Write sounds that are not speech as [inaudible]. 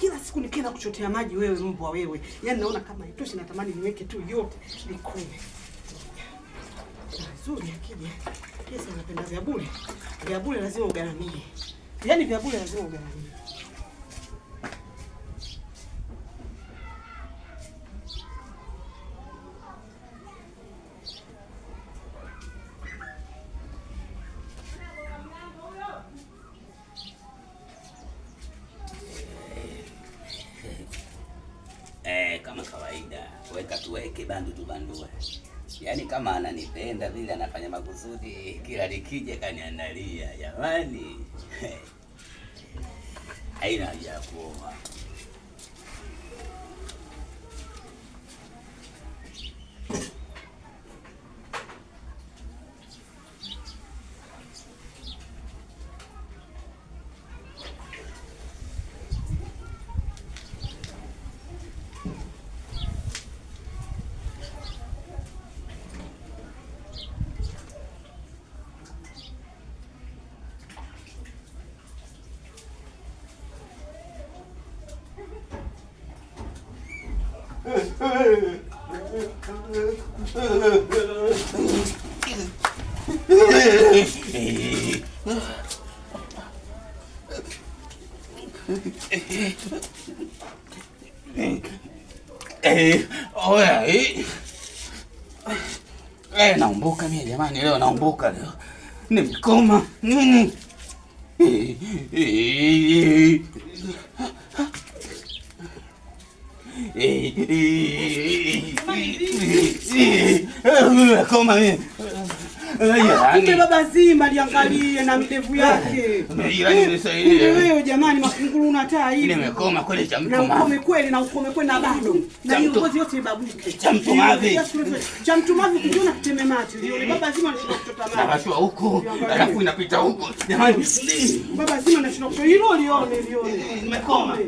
Kila siku nikienda kuchotea maji, wewe mbwa wewe, yaani naona kama itoshi, natamani niweke tu yote nikunywe. Nzuri akija kesa anapenda vya bure. Vya bure lazima ugaramie, yaani vya bure lazima ugaramie. kama kawaida, weka tuweke bandu tubandue. Yaani kama ananipenda vile anafanya makusudi, kila likija kaniandalia. Jamani, [laughs] haina haja ya kuoa. Ei, olha ê É, não, boca minha de maneira, não, boca, não. Nem coma. Ei, ei, ei. Koma Kumbe yaani. baba zima liangalie na mdevu yake. Wewe jamani, makunguru una taa hivi. Nimekoma kweli cha mtu Na ukome kweli na ukome kweli na bado. Na hiyo ngozi yote ibabuke. Cha mtu mavi. Cha mtu mavi kujiona kiteme macho. Yule baba zima anashinda kuchota maji. Anashua huko, alafu inapita huko. Jamani, baba zima anashinda kuchota hilo lione lione. Eh, nimekoma.